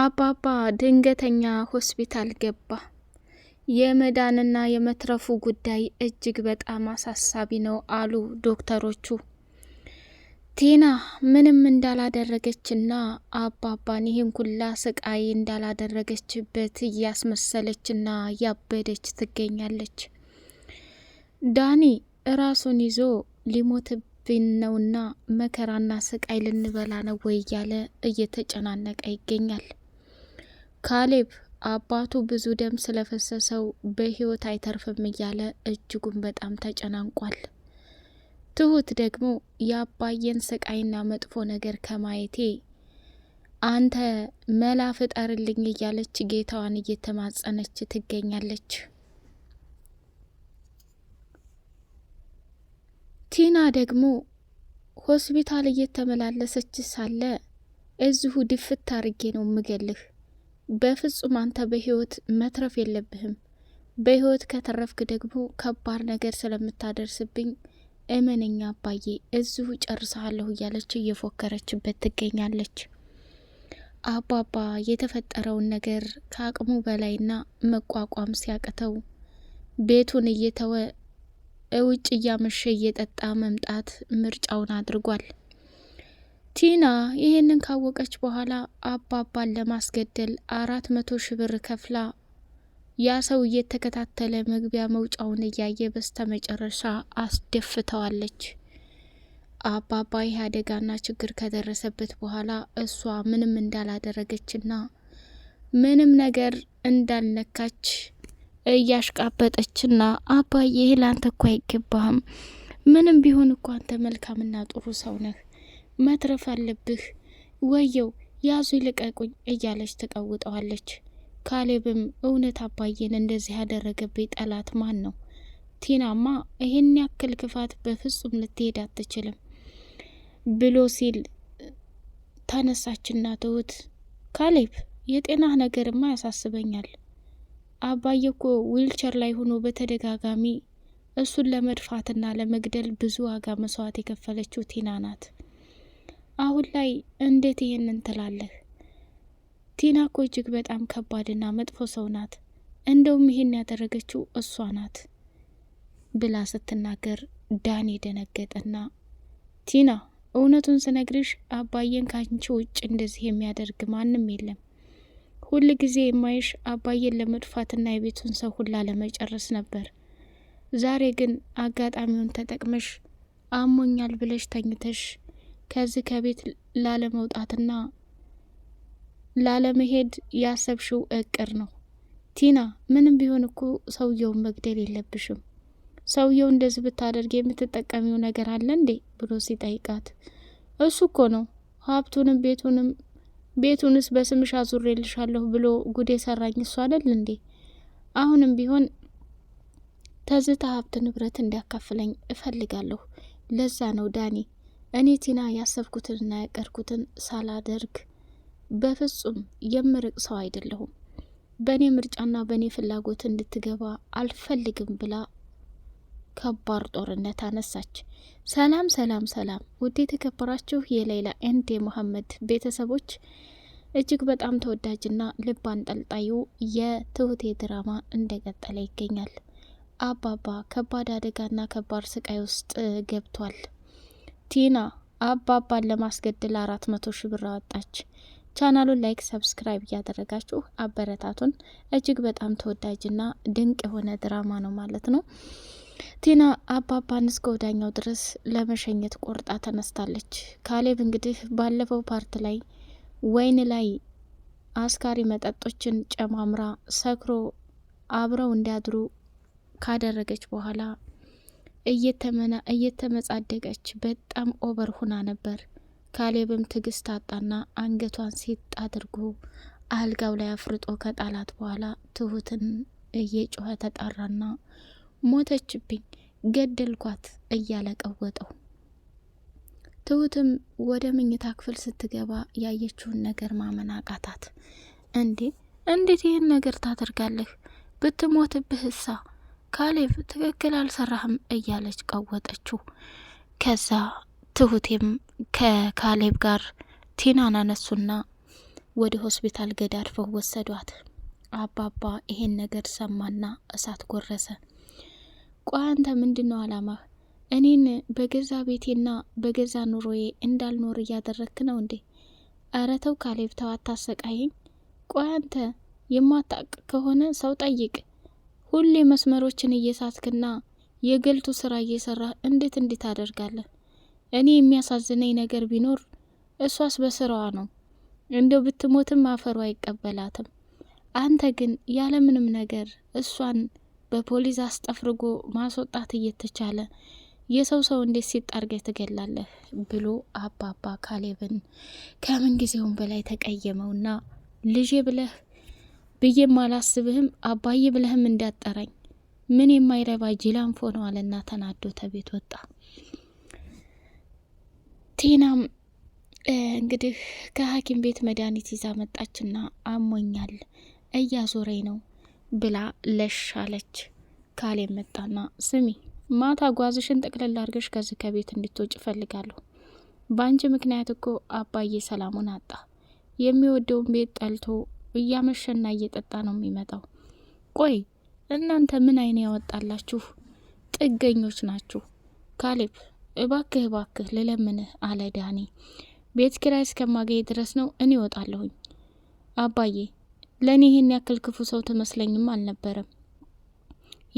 አባባ ድንገተኛ ሆስፒታል ገባ። የመዳንና የመትረፉ ጉዳይ እጅግ በጣም አሳሳቢ ነው አሉ ዶክተሮቹ። ቲና ምንም እንዳላደረገችና አባባን ይህን ኩላ ስቃይ እንዳላደረገችበት እያስመሰለችና ያበደች ትገኛለች። ዳኒ እራሱን ይዞ ሊሞትብን ነውና መከራና ስቃይ ልንበላ ነው ወይ እያለ እየተጨናነቀ ይገኛል። ካሌብ አባቱ ብዙ ደም ስለፈሰሰው በህይወት አይተርፍም እያለ እጅጉን በጣም ተጨናንቋል። ትሁት ደግሞ የአባዬን ስቃይና መጥፎ ነገር ከማየቴ አንተ መላ ፍጠርልኝ እያለች ጌታዋን እየተማጸነች ትገኛለች። ቲና ደግሞ ሆስፒታል እየተመላለሰች ሳለ እዚሁ ድፍት አርጌ ነው ምገልህ በፍጹም አንተ በህይወት መትረፍ የለብህም። በህይወት ከተረፍክ ደግሞ ከባድ ነገር ስለምታደርስብኝ እመነኛ አባዬ፣ እዚሁ ጨርሰሃለሁ እያለች እየፎከረችበት ትገኛለች። አባባ የተፈጠረውን ነገር ከአቅሙ በላይና መቋቋም ሲያቅተው ቤቱን እየተወ እውጭ እያመሸ እየጠጣ መምጣት ምርጫውን አድርጓል። ቲና ይህንን ካወቀች በኋላ አባባን ለማስገደል አራት መቶ ሺህ ብር ከፍላ ያ ሰው እየተከታተለ መግቢያ መውጫውን እያየ በስተ መጨረሻ አስደፍተዋለች። አባባ ይህ አደጋና ችግር ከደረሰበት በኋላ እሷ ምንም እንዳላደረገችና ምንም ነገር እንዳልነካች እያሽቃበጠችና አባዬ ይህ ላንተ እኮ አይገባህም፣ ምንም ቢሆን እኳ አንተ መልካምና ጥሩ ሰው ነህ መትረፍ አለብህ፣ ወየው ያዙ ይልቀቁኝ እያለች ትቀውጠዋለች። ካሌብም እውነት አባዬን እንደዚህ ያደረገብኝ ጠላት ማን ነው? ቲናማ ይህን ያክል ክፋት በፍጹም ልትሄድ አትችልም ብሎ ሲል ተነሳችና ትሁት ካሌብ የጤናህ ነገርማ ያሳስበኛል። አባዬ እኮ ዊልቸር ላይ ሆኖ በተደጋጋሚ እሱን ለመድፋትና ለመግደል ብዙ ዋጋ መስዋዕት የከፈለችው ቲና ናት። አሁን ላይ እንዴት ይሄንን ትላለህ? ቲና እኮ እጅግ በጣም ከባድና መጥፎ ሰው ናት። እንደውም ይሄን ያደረገችው እሷ ናት ብላ ስትናገር ዳኔ ደነገጠና ቲና እውነቱን ስነግርሽ አባዬን ካንቺ ውጭ እንደዚህ የሚያደርግ ማንም የለም። ሁል ጊዜ የማይሽ አባዬን ለመጥፋትና የቤቱን ሰው ሁላ ለመጨረስ ነበር። ዛሬ ግን አጋጣሚውን ተጠቅመሽ አሞኛል ብለሽ ተኝተሽ ከዚህ ከቤት ላለመውጣትና ላለመሄድ ያሰብሽው እቅር ነው። ቲና ምንም ቢሆን እኮ ሰውየውን መግደል የለብሽም። ሰውየው እንደዚህ ብታደርግ የምትጠቀሚው ነገር አለ እንዴ ብሎ ሲጠይቃት እሱ እኮ ነው ሀብቱንም ቤቱንም ቤቱንስ በስምሽ አዙሬልሻለሁ ብሎ ጉዴ ሰራኝ እሱ አደል እንዴ? አሁንም ቢሆን ተዝታ ሀብት ንብረት እንዲያካፍለኝ እፈልጋለሁ። ለዛ ነው ዳኒ እኔ ቲና ያሰብኩትንና ያቀርኩትን ሳላደርግ በፍጹም የምርቅ ሰው አይደለሁም። በእኔ ምርጫና በእኔ ፍላጎት እንድትገባ አልፈልግም ብላ ከባድ ጦርነት አነሳች። ሰላም ሰላም ሰላም! ውድ የተከበራችሁ የሌላ ኤንድ የመሐመድ ቤተሰቦች እጅግ በጣም ተወዳጅና ልብ አንጠልጣዩ የትሁቴ ድራማ እንደቀጠለ ይገኛል። አባባ ከባድ አደጋና ከባድ ስቃይ ውስጥ ገብቷል። ቲና አባባን ለማስገደል አራት መቶ ሺ ብር አወጣች። ቻናሉን ላይክ፣ ሰብስክራይብ እያደረጋችሁ አበረታቱን። እጅግ በጣም ተወዳጅና ድንቅ የሆነ ድራማ ነው ማለት ነው። ቲና አባባን እስከ ወዳኛው ድረስ ለመሸኘት ቆርጣ ተነስታለች። ካሌብ እንግዲህ ባለፈው ፓርት ላይ ወይን ላይ አስካሪ መጠጦችን ጨማምራ ሰክሮ አብረው እንዲያድሩ ካደረገች በኋላ እየተመጻደቀች በጣም ኦቨር ሁና ነበር። ካሌብም ትግስት አጣና አንገቷን ሲጥ አድርጎ አልጋው ላይ አፍርጦ ከጣላት በኋላ ትሁትን እየጮኸ ተጣራና ሞተችብኝ፣ ገደልኳት እያለ ቀወጠው። ትሁትም ወደ መኝታ ክፍል ስትገባ ያየችውን ነገር ማመን አቃታት። እንዴ እንዴት ይህን ነገር ታደርጋለህ? ብትሞትብህ እሳ ካሌብ ትክክል አልሰራህም እያለች ቀወጠችው። ከዛ ትሁቴም ከካሌብ ጋር ቲናን አነሱና ወደ ሆስፒታል ገዳድፈው ወሰዷት። አባባ ይሄን ነገር ሰማና እሳት ጎረሰ። ቆይ አንተ ምንድን ነው አላማህ? እኔን በገዛ ቤቴና በገዛ ኑሮዬ እንዳልኖር እያደረክ ነው እንዴ? ኧረ ተው ካሌብ ተው፣ አታሰቃየኝ። ቆይ አንተ የማታቅ ከሆነ ሰው ጠይቅ ሁሌ መስመሮችን እየሳትክና የገልቱ ስራ እየሰራህ እንዴት እንዴት አደርጋለህ? እኔ የሚያሳዝነኝ ነገር ቢኖር እሷስ በስራዋ ነው። እንደው ብትሞትም አፈሩ አይቀበላትም። አንተ ግን ያለምንም ነገር እሷን በፖሊስ አስጠፍርጎ ማስወጣት እየተቻለ የሰው ሰው እንዴት ሲጣርገ ትገላለህ? ብሎ አባባ ካሌብን ከምን ጊዜውም በላይ ተቀየመውና ልጄ ብለህ ብዬም አላስብህም አባዬ ብለህም እንዳጠራኝ ምን የማይረባ ፎ ነው አለና ተናዶ ተቤት ወጣ። ቴናም እንግዲህ ከሐኪም ቤት መድኃኒት ይዛ መጣችና አሞኛል እያዞረኝ ነው ብላ ለሽ አለች። ካሌ መጣና ስሚ ማታ ጓዝሽን ጠቅለል አድርገሽ ከዚህ ከቤት እንድትወጭ እፈልጋለሁ። በአንቺ ምክንያት እኮ አባዬ ሰላሙን አጣ። የሚወደውን ቤት ጠልቶ እያመሸና እየጠጣ ነው የሚመጣው። ቆይ እናንተ ምን አይን ያወጣላችሁ ጥገኞች ናችሁ? ካሌብ እባክህ እባክህ ልለምንህ አለ ዳኒ። ቤት ኪራይ እስከማገኝ ድረስ ነው እኔ እወጣለሁኝ። አባዬ ለእኔ ይህን ያክል ክፉ ሰው ትመስለኝም አልነበረም።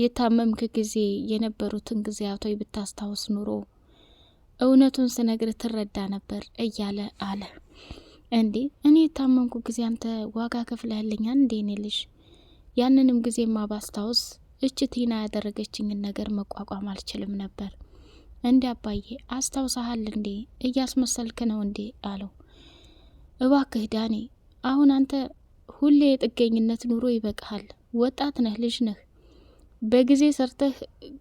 የታመምክ ጊዜ የነበሩትን ጊዜያቶች ብታስታውስ ኑሮ እውነቱን ስነግርህ ትረዳ ነበር እያለ አለ እንዴ እኔ የታመምኩ ጊዜ አንተ ዋጋ ከፍለህልኛል እንዴ እኔ ልጅ ያንንም ጊዜማ ባስታውስ እች ቲና ያደረገችኝን ነገር መቋቋም አልችልም ነበር እንዴ አባዬ አስታውሳሃል እንዴ እያስመሰልክ ነው እንዴ አለው እባክህ ዳኔ አሁን አንተ ሁሌ የጥገኝነት ኑሮ ይበቃሃል ወጣት ነህ ልጅ ነህ በጊዜ ሰርተህ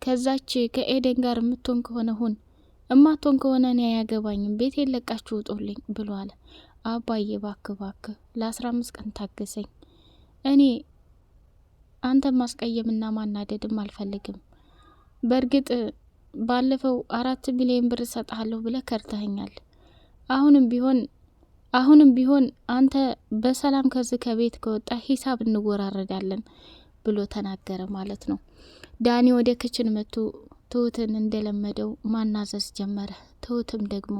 ከዛች ከኤደን ጋር የምትሆን ከሆነ ሁን እማቶን ከሆነ እኔ አያገባኝም፣ ቤት የለቃችሁ ውጡልኝ ብሎ አለ። አባዬ ባክ ባክ ለአስራ አምስት ቀን ታገሰኝ። እኔ አንተ ማስቀየምና ማናደድም አልፈልግም። በእርግጥ ባለፈው አራት ሚሊዮን ብር እሰጥሃለሁ ብለህ ከርተኸኛል። አሁንም ቢሆን አሁንም ቢሆን አንተ በሰላም ከዚህ ከቤት ከወጣ ሂሳብ እንወራረዳለን ብሎ ተናገረ ማለት ነው። ዳኒ ወደ ክችን መጥቶ ትሁትን እንደለመደው ማናዘዝ ጀመረ። ትሁትም ደግሞ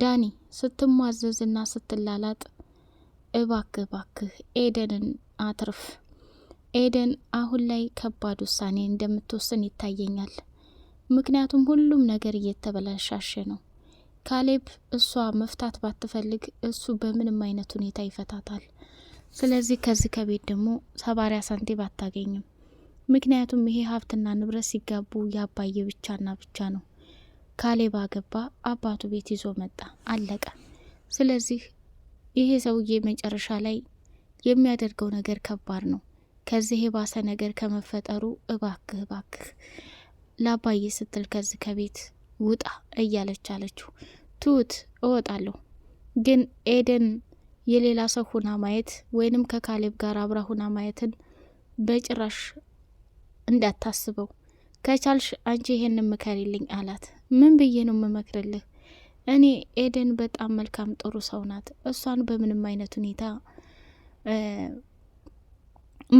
ዳኒ ስትሟዘዝና ስትላላጥ እባክህ እባክህ ኤደንን አትርፍ፣ ኤደን አሁን ላይ ከባድ ውሳኔ እንደምትወስን ይታየኛል። ምክንያቱም ሁሉም ነገር እየተበላሻሸ ነው። ካሌብ እሷ መፍታት ባትፈልግ እሱ በምንም አይነት ሁኔታ ይፈታታል። ስለዚህ ከዚህ ከቤት ደግሞ ሰባሪያ ሳንቲም አታገኝም። ምክንያቱም ይሄ ሀብትና ንብረት ሲጋቡ ያባየ ብቻና ብቻ ነው። ካሌብ አገባ፣ አባቱ ቤት ይዞ መጣ፣ አለቀ። ስለዚህ ይሄ ሰውዬ መጨረሻ ላይ የሚያደርገው ነገር ከባድ ነው። ከዚህ የባሰ ነገር ከመፈጠሩ እባክህ እባክህ ለአባዬ ስትል ከዚህ ከቤት ውጣ እያለች አለችው። ትሁት እወጣለሁ፣ ግን ኤደን የሌላ ሰው ሁና ማየት ወይንም ከካሌብ ጋር አብራ ሁና ማየትን በጭራሽ እንዳታስበው ከቻልሽ አንቺ ይሄን ምከሪልኝ አላት። ምን ብዬ ነው የምመክርልህ? እኔ ኤደን በጣም መልካም ጥሩ ሰው ናት። እሷን በምንም አይነት ሁኔታ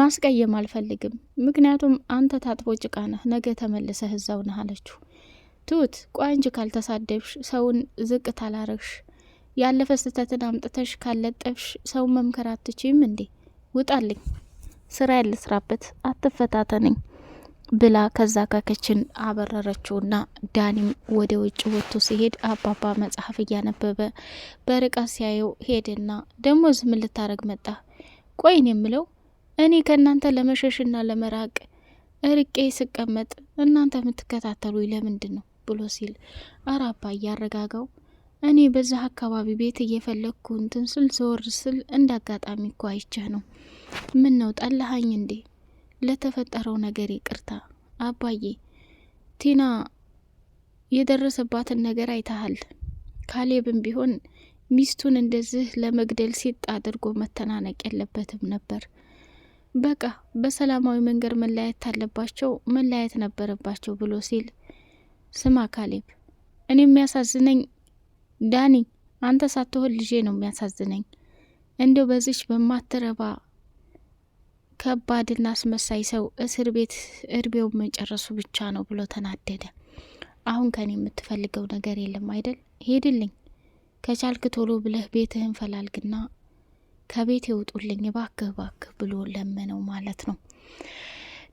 ማስቀየም አልፈልግም። ምክንያቱም አንተ ታጥቦ ጭቃ ነህ፣ ነገ ተመልሰህ እዛው ነህ አለችው። ትሁት ቆይ ካልተሳደብሽ፣ ሰውን ዝቅ ታላረግሽ፣ ያለፈ ስህተትን አምጥተሽ ካለጠፍሽ ሰውን መምከር አትችይም እንዴ? ውጣልኝ፣ ስራ ያልስራበት፣ አትፈታተነኝ ብላ ከዛ ከክችን አበረረችውና ዳኒም ወደ ውጭ ወጥቶ ሲሄድ አባባ መጽሐፍ እያነበበ በርቀት ሲያየው ሄደና ደግሞ ዝም ልታረግ መጣ። ቆይን የምለው እኔ ከእናንተ ለመሸሽና ለመራቅ እርቄ ስቀመጥ እናንተ የምትከታተሉ ለምንድን ነው ብሎ ሲል አረ አባ እያረጋጋው እኔ በዚህ አካባቢ ቤት እየፈለግኩ እንትን ስል ዘወር ስል እንዳጋጣሚ እኮ አይቼህ ነው። ምን ነው ጠላሃኝ እንዴ? ለተፈጠረው ነገር ይቅርታ አባዬ። ቲና የደረሰባትን ነገር አይተሃል። ካሌብም ቢሆን ሚስቱን እንደዚህ ለመግደል ሲጥ አድርጎ መተናነቅ የለበትም ነበር። በቃ በሰላማዊ መንገድ መለያየት አለባቸው፣ መለያየት ነበረባቸው ብሎ ሲል፣ ስማ ካሌብ፣ እኔ የሚያሳዝነኝ ዳኒ አንተ ሳትሆን ልጄ ነው የሚያሳዝነኝ። እንደው በዚች በማትረባ ከባድና አስመሳይ ሰው እስር ቤት እድሜው መጨረሱ ብቻ ነው ብሎ ተናደደ። አሁን ከኔ የምትፈልገው ነገር የለም አይደል? ሄድልኝ፣ ከቻልክ ቶሎ ብለህ ቤትህን ፈላልግና ከቤት የውጡልኝ እባክህ እባክህ ብሎ ለመነው ማለት ነው።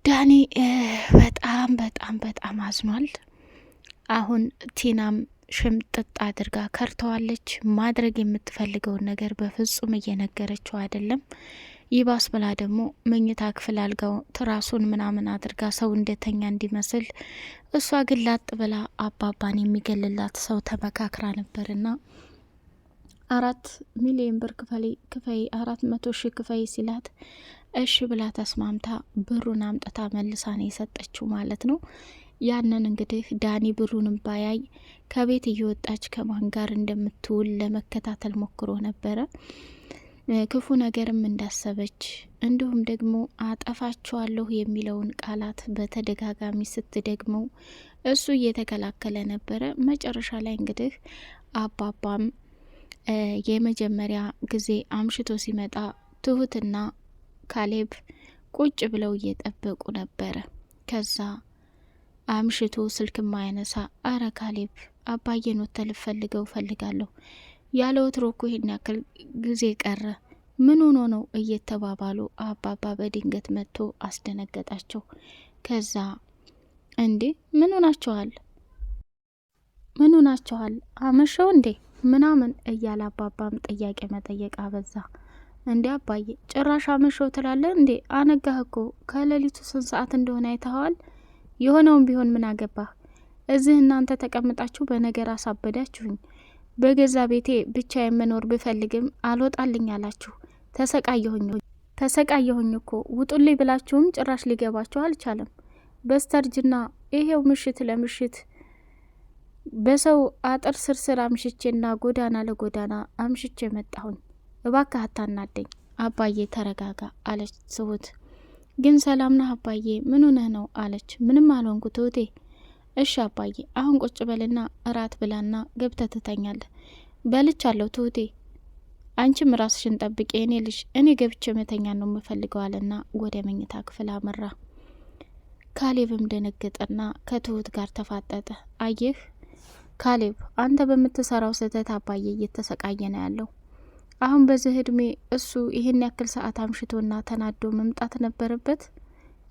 ዳኒ በጣም በጣም በጣም አዝኗል። አሁን ቲናም ሽምጥጥ አድርጋ ከርተዋለች። ማድረግ የምትፈልገውን ነገር በፍጹም እየነገረችው አይደለም። ይባስ ብላ ደግሞ መኝታ ክፍል አልጋው ትራሱን ምናምን አድርጋ ሰው እንደተኛ እንዲመስል እሷ ግን ላጥ ብላ አባባን የሚገልላት ሰው ተመካክራ ነበርና አራት ሚሊዮን ብር ክፈይ፣ አራት መቶ ሺ ክፈይ ሲላት እሺ ብላ ተስማምታ ብሩን አምጥታ መልሳ ነው የሰጠችው ማለት ነው። ያንን እንግዲህ ዳኒ ብሩንም ባያይ ከቤት እየወጣች ከማን ጋር እንደምትውል ለመከታተል ሞክሮ ነበረ። ክፉ ነገርም እንዳሰበች እንዲሁም ደግሞ አጠፋችኋለሁ የሚለውን ቃላት በተደጋጋሚ ስትደግመው እሱ እየተከላከለ ነበረ። መጨረሻ ላይ እንግዲህ አባባም የመጀመሪያ ጊዜ አምሽቶ ሲመጣ ትሁትና ካሌብ ቁጭ ብለው እየጠበቁ ነበረ። ከዛ አምሽቶ ስልክ ማያነሳ፣ አረ ካሌብ አባዬን ወተልፈልገው ፈልጋለሁ ያለ ወትሮ እኮ ይሄን ያክል ጊዜ ቀረ፣ ምን ሆኖ ነው እየተባባሉ አባባ በድንገት መጥቶ አስደነገጣቸው። ከዛ እንዴ ምን ሆናችኋል? ምን ሆናችኋል? አመሸው እንዴ ምናምን እያለ አባባም ጥያቄ መጠየቅ አበዛ። እንዴ አባዬ ጭራሽ አመሸው ትላለህ እንዴ? አነጋህ እኮ ከሌሊቱ ስንት ሰዓት እንደሆነ አይተኸዋል? የሆነውን ቢሆን ምን አገባህ? እዚህ እናንተ ተቀምጣችሁ በነገር አሳበዳችሁኝ። በገዛ ቤቴ ብቻ የምኖር ብፈልግም አልወጣልኝ አላችሁ። ተሰቃየሁኝ ተሰቃየሁኝ እኮ ውጡልኝ ብላችሁም ጭራሽ ሊገባችሁ አልቻለም። በስተርጅና ይሄው ምሽት ለምሽት በሰው አጥር ስርስር አምሽቼና ጎዳና ለጎዳና አምሽቼ መጣሁኝ። እባክህ አታናደኝ አባዬ ተረጋጋ አለች ትሁት። ግን ሰላም ነህ አባዬ? ምን ሆነህ ነው አለች። ምንም አልሆንኩ ትሁቴ እሺ አባዬ አሁን ቁጭ በልና እራት ብላና ገብተ ትተኛለ። በልች አለው ትሁቴ። አንቺም ራስሽን ጠብቂ የኔ ልጅ፣ እኔ ገብቼ መተኛ ነው የምፈልገዋልና ወደ መኝታ ክፍል አመራ። ካሌብም ደነገጠና ከትሁት ጋር ተፋጠጠ። አየህ ካሌብ፣ አንተ በምትሰራው ስህተት አባዬ እየተሰቃየ ነው ያለው። አሁን በዚህ እድሜ እሱ ይህን ያክል ሰዓት አምሽቶና ተናዶ መምጣት ነበረበት።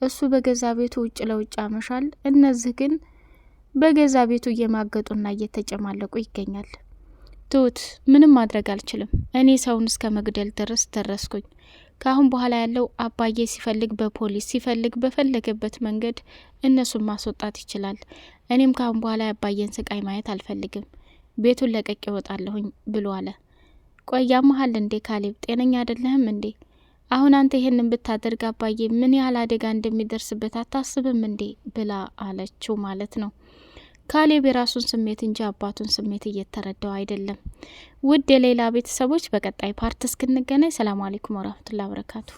እሱ በገዛ ቤቱ ውጭ ለውጭ ያመሻል። እነዚህ ግን በገዛ ቤቱ እየማገጡና እየተጨማለቁ ይገኛል። ትሁት ምንም ማድረግ አልችልም፣ እኔ ሰውን እስከ መግደል ድረስ ደረስኩኝ። ከአሁን በኋላ ያለው አባዬ ሲፈልግ በፖሊስ ሲፈልግ በፈለገበት መንገድ እነሱን ማስወጣት ይችላል። እኔም ከአሁን በኋላ የአባዬን ስቃይ ማየት አልፈልግም፣ ቤቱን ለቀቅ ይወጣለሁኝ ብሎ አለ። መሀል እንዴ ካሌብ፣ ጤነኛ አይደለህም እንዴ? አሁን አንተ ይሄንን ብታደርግ አባዬ ምን ያህል አደጋ እንደሚደርስበት አታስብም እንዴ? ብላ አለችው ማለት ነው። ካሌብ የራሱን ስሜት እንጂ አባቱን ስሜት እየተረዳው አይደለም። ውድ የሌላ ቤተሰቦች በቀጣይ ፓርት እስክንገናኝ ሰላም አሌይኩም ወራህመቱላሂ ወበረካቱ።